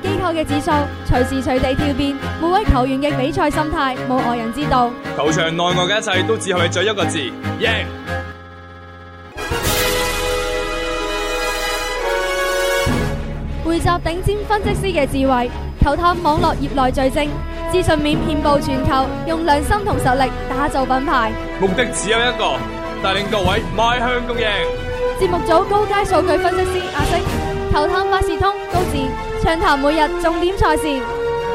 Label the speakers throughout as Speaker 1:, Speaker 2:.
Speaker 1: 機構嘅指數隨時隨地跳變，每位球員嘅比賽心態冇外人知道。
Speaker 2: 球場內外嘅一切都只可以再一個字：贏。
Speaker 1: 匯集頂尖分析師嘅智慧，球探網絡業內最精，資訊面遍佈全球，用良心同實力打造品牌。
Speaker 2: 目的只有一個，帶領各位邁向共贏。節目
Speaker 1: 組高階數據分析師阿星，球探百事通高智。暢談每日重點
Speaker 2: 賽事，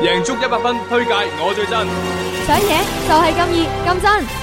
Speaker 2: 贏足一百分推介，我最真，想贏就係咁易咁真。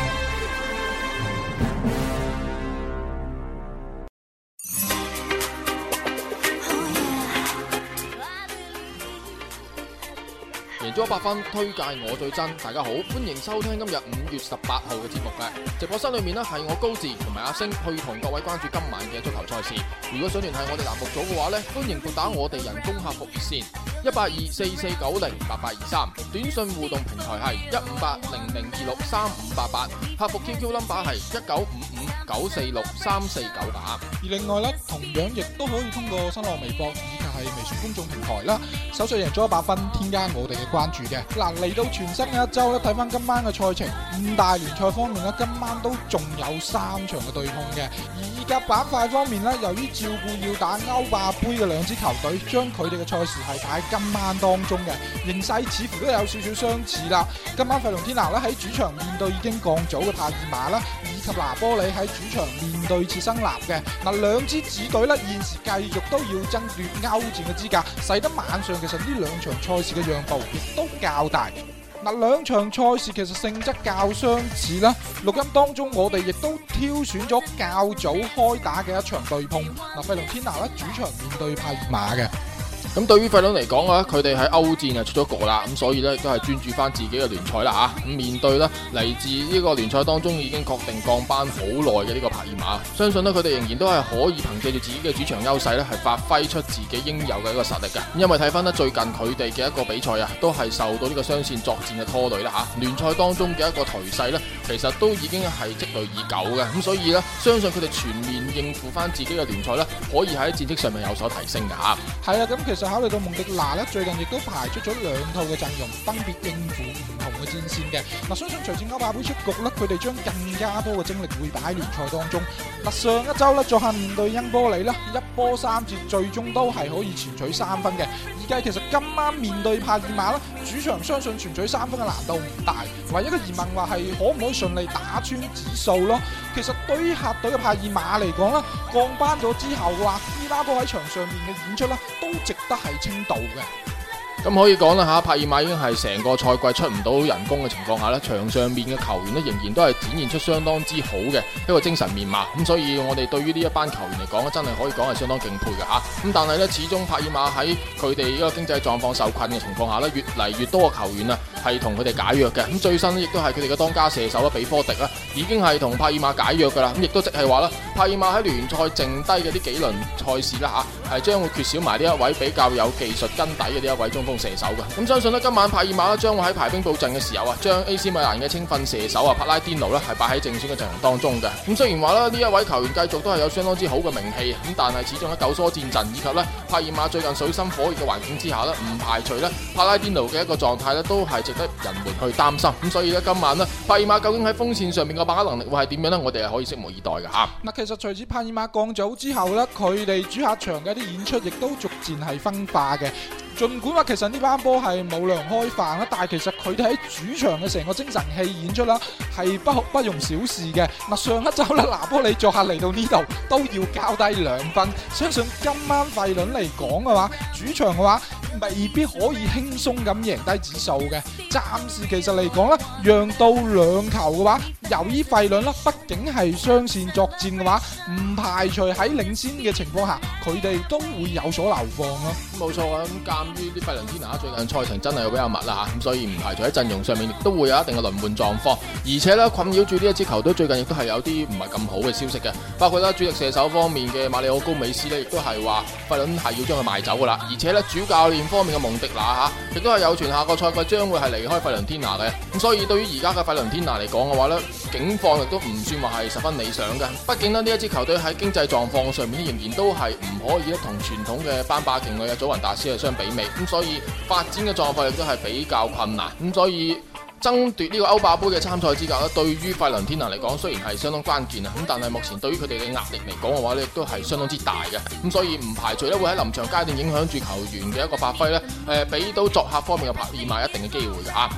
Speaker 2: 連中一百分，推介我最真。大家好，歡迎收聽今日五月十八號嘅節目嘅直播室裏面咧，係我高志同埋阿星去同各位關注今晚嘅足球賽事。如果想聯繫我哋欄目組嘅話咧，歡迎撥打我哋人工客服熱線一八二四四九零八八二三，短信互動平台係一五八零零二六三五八八，客服 QQ number 係一九五五九四六三四九八。而另外咧，同樣亦都可以通過新浪微博。係微信公眾平台啦，搜索贏足
Speaker 1: 100FUN，添加我哋嘅關注嘅。嗱，嚟到全新嘅一周咧，睇翻今晚嘅賽程。五大聯賽方面呢，今晚都仲有三場嘅對碰嘅。而意甲板塊方面呢，由於照顧要打歐霸杯嘅兩支球隊，將佢哋嘅賽事係排喺今晚當中嘅。形勢似乎都有少少相似啦。今晚費隆天拿呢喺主場面對已經降組嘅帕爾馬啦。拿波里喺主場面對切身藍嘅嗱，兩支主隊咧現時繼續都要爭奪歐戰嘅資格，使得晚上其實呢兩場賽事嘅讓步亦都較大。嗱，兩場賽事其實性質較相似啦。錄音當中我哋亦都挑選咗較早開打嘅一場對碰，嗱，費隆天拿咧主場面對帕爾馬嘅。
Speaker 2: 咁對於費隆嚟講啊，佢哋喺歐戰又出咗局啦，咁所以咧亦都係專注翻自己嘅聯賽啦嚇。咁面對咧嚟自呢個聯賽當中已經確定降班好耐嘅呢個帕爾馬，相信呢佢哋仍然都係可以憑藉住自己嘅主場優勢咧，係發揮出自己應有嘅一個實力嘅。因為睇翻呢最近佢哋嘅一個比賽啊，都係受到呢個雙線作戰嘅拖累啦嚇。聯賽當中嘅一個頹勢咧，其實都已經係積累已久嘅，咁所以咧相信佢哋全面應付翻自己嘅聯賽咧，可以喺戰績上面有所提升嘅
Speaker 1: 嚇。係啊，咁其實。考慮到蒙迪拿咧，最近亦都排出咗兩套嘅陣容，分別應付唔同嘅戰線嘅。嗱，相信隨住歐霸盃出局咧，佢哋將更加多嘅精力會擺喺聯賽當中。嗱，上一周咧，作客面對恩波里咧，一波三折，最終都係可以全取三分嘅。而家其實今晚面對帕爾馬咧，主場相信全取三分嘅難度唔大。唯一嘅疑問話係可唔可以順利打穿指數咯？其實對於客隊嘅帕爾馬嚟講咧，降班咗之後嘅話。阿哥喺場上邊嘅演出咧，都值得係稱道嘅。
Speaker 2: 咁可以講啦，吓，帕爾馬已經係成個賽季出唔到人工嘅情況下咧，場上面嘅球員仍然都係展現出相當之好嘅一個精神面貌。咁所以我哋對於呢一班球員嚟講，真係可以講係相當敬佩嘅嚇。咁但係呢，始終帕爾馬喺佢哋呢個經濟狀況受困嘅情況下，越嚟越多嘅球員啊，係同佢哋解約嘅。咁最新亦都係佢哋嘅當家射手啊，比科迪啦，已經係同帕爾馬解約噶啦。咁亦都即係話啦，帕爾馬喺聯賽剩低嘅呢幾輪賽事啦，係將會缺少埋呢一位比較有技術根底嘅呢一位中。射手嘅，咁相信咧，今晚帕爾馬咧將會喺排兵布陣嘅時候啊，將 AC 米蘭嘅青訓射手啊帕拉丁奴咧係擺喺正選嘅陣容當中嘅。咁雖然話咧呢一位球員繼續都係有相當之好嘅名氣，咁但係始終喺久疏戰陣以及呢帕爾馬最近水深火熱嘅環境之下咧，唔排除呢帕拉丁奴嘅一個狀態咧都係值得人們去擔心。咁所以呢，今晚呢，帕爾馬究竟喺鋒綫上面嘅把握能力會係點樣呢？我哋係可以拭目以待嘅吓。
Speaker 1: 嗱，其實隨住帕爾馬降組之後，呢佢哋主客場嘅一啲演出亦都逐漸係分化嘅。儘管話其實呢班波係冇糧開飯啦，但係其實佢哋喺主場嘅成個精神氣演出啦，係不不容小視嘅。嗱，上一周咧，拿波利作客嚟到呢度都要交低兩分，相信今晚費倫嚟講嘅話，主場嘅話未必可以輕鬆咁贏低指數嘅。暫時其實嚟講呢，讓到兩球嘅話，由於費倫啦，畢竟係雙線作戰嘅話，唔排除喺領先嘅情況下，佢哋都會有所流放咯。
Speaker 2: 冇錯啊，咁、啊。於啲費倫天拿最近賽程真係比較密啦，咁所以唔排除喺陣容上面亦都會有一定嘅輪換狀況，而且咧困擾住呢一支球隊最近亦都係有啲唔係咁好嘅消息嘅，包括咧主力射手方面嘅馬里奧高美斯呢，亦都係話費倫係要將佢賣走噶啦，而且咧主教練方面嘅蒙迪拿吓，亦都係有傳下個賽季將會係離開費倫天拿嘅，咁所以對於而家嘅費倫天拿嚟講嘅話呢，境況亦都唔算話係十分理想嘅，畢竟呢，呢一支球隊喺經濟狀況上面仍然都係唔可以同傳統嘅班霸勁旅嘅祖雲達斯係相比。咁、嗯、所以發展嘅狀況亦都係比較困難，咁、嗯、所以爭奪呢個歐霸盃嘅參賽資格咧，對於費倫天拿嚟講，雖然係相當關鍵啊，咁、嗯、但係目前對於佢哋嘅壓力嚟講嘅話亦都係相當之大嘅。咁、嗯、所以唔排除咧，會喺臨場階段影響住球員嘅一個發揮咧，誒、呃，俾到作客方面嘅拍馬一定嘅機會嘅
Speaker 1: 吓。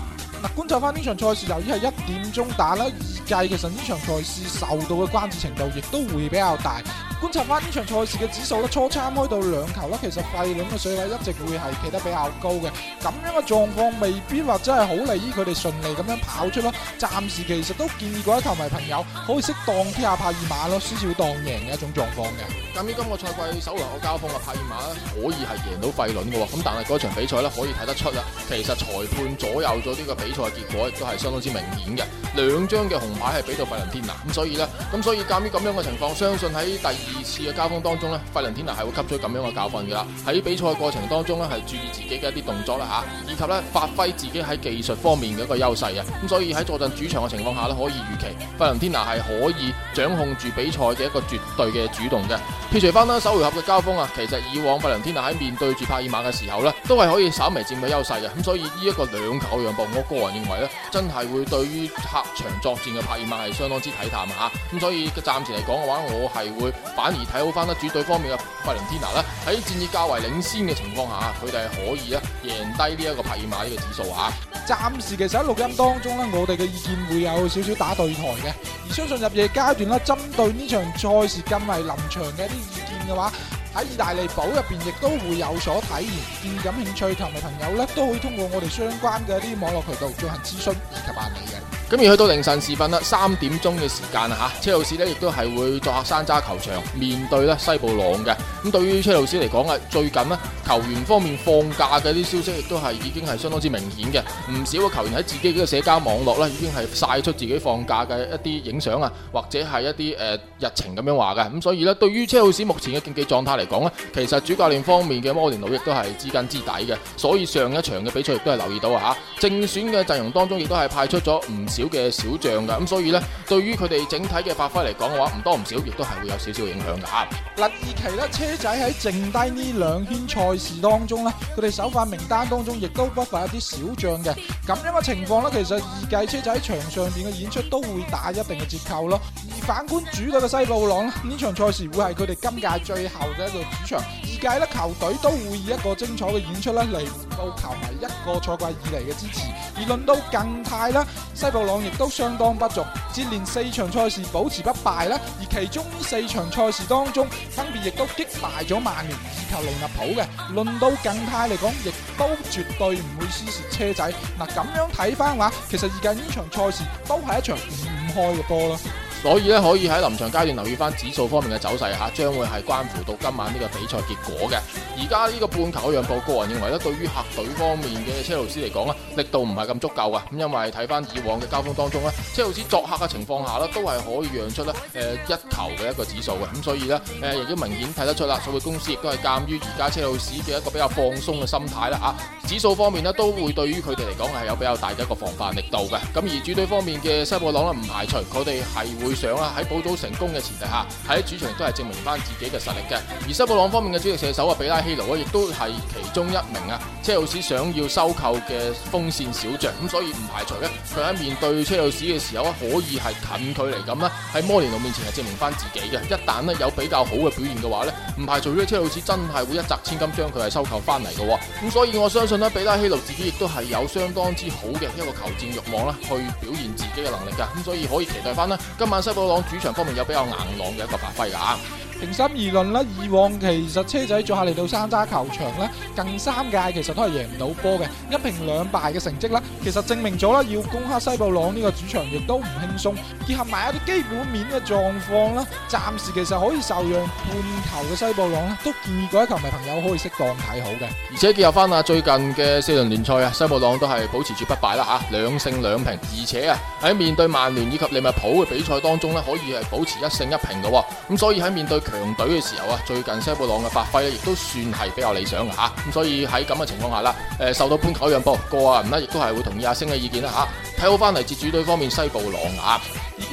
Speaker 1: 嗱、啊，觀察翻呢場賽事，由於係一點鐘打啦，預計其實呢場賽事受到嘅關注程度亦都會比較大。觀察翻呢場賽事嘅指數咧，初參開到兩球啦，其實費倫嘅水位一直會係企得比較高嘅，咁樣嘅狀況未必話真係好利於佢哋順利咁樣跑出咯。暫時其實都建議過一球迷朋友可以適當睇下帕爾馬咯，先至會當贏嘅一種狀況嘅。
Speaker 2: 鑒於今個賽季首輪嘅交鋒嘅帕爾馬可以係贏到費倫嘅，咁但係嗰場比賽咧可以睇得出啦，其實裁判左右咗呢個比賽結果，亦都係相當之明顯嘅。兩張嘅紅牌係俾到費倫天拿，咁所以呢，咁所以鑒於咁樣嘅情況，相信喺第二。二次嘅交鋒當中呢，費倫天拿係會吸取咁樣嘅教訓噶啦。喺比賽嘅過程當中呢，係注意自己嘅一啲動作啦吓、啊，以及呢發揮自己喺技術方面嘅一個優勢嘅。咁、啊、所以喺坐鎮主場嘅情況下呢，可以預期費倫天拿係可以掌控住比賽嘅一個絕對嘅主動嘅。撇除翻啦，首回合嘅交鋒啊，其實以往費倫天拿喺面對住帕爾馬嘅時候呢，都係可以稍微佔到優勢嘅。咁、啊、所以呢一個兩球讓步，我個人認為呢，真係會對於客場作戰嘅帕爾馬係相當之體淡。吓、啊。咁、啊、所以暫時嚟講嘅話，我係會。反而睇好翻咧主隊方面嘅費倫天拿啦，喺戰意較為領先嘅情況下，佢哋係可以咧贏低呢一個帕爾馬呢個指數吓。
Speaker 1: 暫時其實喺錄音當中咧，我哋嘅意見會有少少打對台嘅，而相信入夜階段啦，針對呢場賽事更為臨場嘅一啲意見嘅話，喺意大利寶入邊亦都會有所體現。越感興趣同埋朋友咧，都可以通過我哋相關嘅一啲網絡渠道進行諮詢，以及辦理
Speaker 2: 嘅。咁而去到凌晨時分啦，三點鐘嘅時間，車路士呢亦都係會作客山楂球場面對咧西布朗嘅。咁對於車路士嚟講啊，最近呢球員方面放假嘅啲消息亦都係已經係相當之明顯嘅，唔少嘅球員喺自己嘅社交網絡咧已經係曬出自己放假嘅一啲影相啊，或者係一啲、呃、日程咁樣話嘅。咁所以呢，對於車路士目前嘅競技狀態嚟講呢，其實主教練方面嘅摩連奴亦都係知根知底嘅，所以上一場嘅比賽亦都係留意到啊，正選嘅陣容當中亦都係派出咗唔少。小嘅小將噶，咁所以呢，對於佢哋整體嘅發揮嚟講嘅話，唔多唔少，亦都係會有少少影響噶。嗱，二
Speaker 1: 騎咧，車仔喺剩低呢兩圈賽事當中呢，佢哋首發名單當中亦都不乏一啲小將嘅咁樣嘅情況呢，其實二屆車仔喺場上邊嘅演出都會打一定嘅折扣咯。而反觀主隊嘅西布朗咧，呢場賽事會係佢哋今屆最後嘅一個主場。二屆呢，球隊都會以一個精彩嘅演出呢嚟到球迷一個賽季以嚟嘅支持。而論到近態咧，西布朗亦都相當不俗，接連四場賽事保持不敗咧。而其中四場賽事當中，分別亦都擊敗咗曼聯以及羅納普嘅。論到近態嚟講，亦都絕對唔會輸蝕車仔。嗱、啊，咁樣睇返話，其實而家呢場賽事都係一場五五
Speaker 2: 開嘅波咯。所以咧，可以喺臨場階段留意翻指數方面嘅走勢吓，將會係關乎到今晚呢個比賽結果嘅。而家呢個半球讓步，個人認為咧，對於客隊方面嘅車路士嚟講咧，力度唔係咁足夠啊。咁因為睇翻以往嘅交鋒當中咧，車路士作客嘅情況下咧，都係可以讓出咧，誒、呃、一球嘅一個指數嘅。咁所以咧，誒亦都明顯睇得出啦，數據公司亦都係鑑於而家車路士嘅一個比較放鬆嘅心態啦，吓、啊、指數方面咧都會對於佢哋嚟講係有比較大嘅一個防範力度嘅。咁而主隊方面嘅西布朗咧，唔排除佢哋係會。上啦，喺補刀成功嘅前提下，喺主場都係證明翻自己嘅實力嘅。而西布朗方面嘅主力射手啊，比拉希奴啊，亦都係其中一名啊。車路士想要收購嘅鋒線小將，咁所以唔排除咧，佢喺面對車路士嘅時候啊，可以係近距離咁呢，喺摩連奴面前係證明翻自己嘅。一旦呢，有比較好嘅表現嘅話呢，唔排除呢車路士真係會一擲千金將佢係收購翻嚟嘅。咁所以我相信呢，比拉希奴自己亦都係有相當之好嘅一個求戰慾望啦，去表現自己嘅能力嘅。咁所以可以期待翻啦，今晚，西布朗主場方面有比較硬朗嘅一個發揮噶。平心而論啦，
Speaker 1: 以往其實車仔再下嚟到山揸球場咧，近三屆其實都係贏唔到波嘅，一平兩敗嘅成績啦，其實證明咗啦，要攻克西布朗呢個主場亦都唔輕鬆。結合埋一啲基本面嘅狀況啦，暫時其實可以受讓半球嘅西布朗啦，都建議各位球迷朋友可以適當睇好嘅。
Speaker 2: 而且結合翻啊，最近嘅四輪聯賽啊，西布朗都係保持住不敗啦嚇，兩勝兩平，而且啊喺面對曼聯以及利物浦嘅比賽當中咧，可以係保持一勝一平嘅喎。咁所以喺面對強隊嘅時候啊，最近西布朗嘅發揮咧，亦都算係比較理想嘅吓，咁所以喺咁嘅情況下啦，誒受到盤口讓波哥啊，唔一亦都係會同意阿星嘅意見啦吓，睇好翻嚟自主隊方面西布朗啊。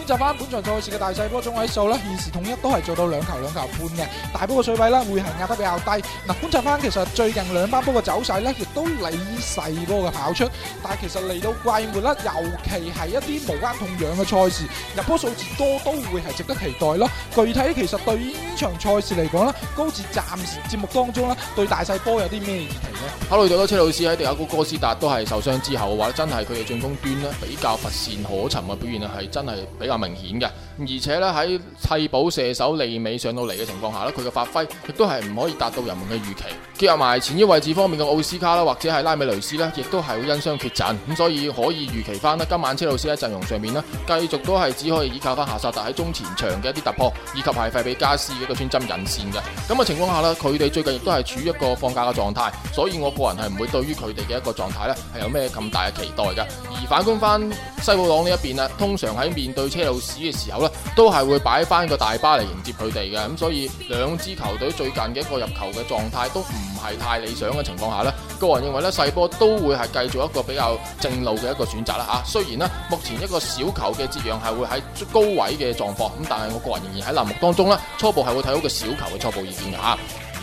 Speaker 1: 睇翻本場賽事嘅大細波中位數呢，現時統一都係做到兩球兩球半嘅大波嘅水位呢，會係壓得比較低。嗱，觀察翻其實最近兩班波嘅走勢呢，亦都理細波嘅跑出。但係其實嚟到季末咧，尤其係一啲無關痛癢嘅賽事，入波數字多都會係值得期待咯。具體其實對呢場賽事嚟講呢，高志暫時節目當中呢，對大細波有啲咩預期
Speaker 2: 咧？考慮到阿車路士喺第阿哥哥斯達都係受傷之後嘅話，真係佢嘅進攻端呢，比較乏善可陳嘅表現呢，係真係比較明顯嘅。而且咧喺替補射手利米上到嚟嘅情況下呢，佢嘅發揮亦都係唔可以達到人們嘅預期。結合埋前腰位置方面嘅奧斯卡啦，或者係拉美雷斯呢，亦都係會因傷缺陣，咁所以可以預期翻呢今晚車路士喺陣容上面呢，繼續都係只可以依靠翻夏薩特喺中前場嘅一啲突破，以及係費比加斯嘅一個穿針引線嘅。咁嘅情況下呢，佢哋最近亦都係處於一個放假嘅狀態，所以我個人係唔會對於佢哋嘅一個狀態呢，係有咩咁大嘅期待嘅。而反觀翻西布朗呢一邊啊，通常喺面對車路士嘅時候，都係會擺翻個大巴嚟迎接佢哋嘅，咁所以兩支球隊最近嘅一個入球嘅狀態都唔係太理想嘅情況下呢，個人認為呢細波都會係繼續一個比較正路嘅一個選擇啦吓。雖然呢目前一個小球嘅折讓係會喺高位嘅狀況，咁但係我個人仍然喺欄目當中呢初步係會睇到個小球嘅初步意見㗎。吓。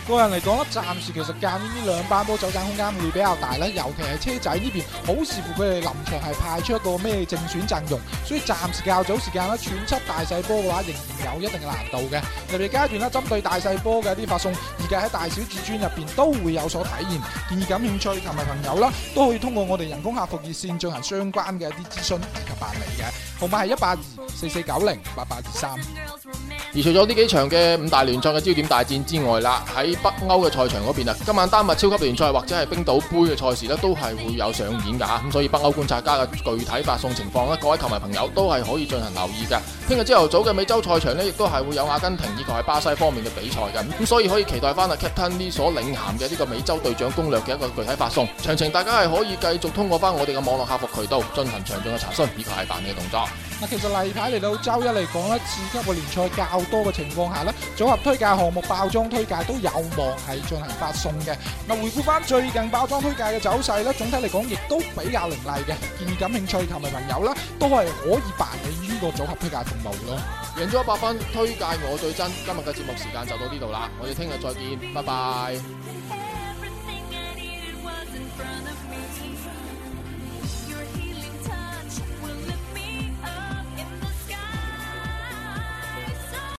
Speaker 1: 個人嚟講咧，暫時其實介於呢兩班波走盞空間會比較大咧，尤其係車仔呢邊，好視乎佢哋臨場係派出一個咩正選陣容。所以暫時較早時間咧，串出大細波嘅話，仍然有一定嘅難度嘅。特別階段針對大細波嘅一啲發送，而家喺大小至尊入面都會有所體驗。建議感興趣同埋朋友啦，都可以通過我哋人工客服熱線進行相關嘅一啲諮詢，以及辦理嘅號碼係一八二四四九零八八二三。
Speaker 2: 而除咗呢幾場嘅五大聯賽嘅焦點大戰之外啦，喺北歐嘅賽場嗰邊啊，今晚丹麥超級聯賽或者係冰島杯嘅賽事呢，都係會有上演㗎嚇，咁所以北歐觀察家嘅具體發送情況呢，各位球迷朋友都係可以進行留意嘅。聽日朝頭早嘅美洲賽場呢，亦都係會有阿根廷以及係巴西方面嘅比賽嘅，咁所以可以期待翻啊 Captain 呢所領銜嘅呢個美洲隊長攻略嘅一個具體發送詳情，大家係可以繼續通過翻我哋嘅網絡客服渠道進行詳盡嘅查詢以及係辦理嘅動作。
Speaker 1: 嗱，其實例牌嚟到周一嚟講咧，次級個聯賽較多嘅情況下咧，組合推介項目爆莊推介都有望係進行發送嘅。嗱，回顧翻最近爆莊推介嘅走勢咧，總體嚟講亦都比較凌厲嘅。建議感興趣球迷朋友都係可以辦理呢個組
Speaker 2: 合推介服務咯。贏咗100分，推介我最真。今日嘅節目時間就到呢度啦，我哋聽日再見，拜拜。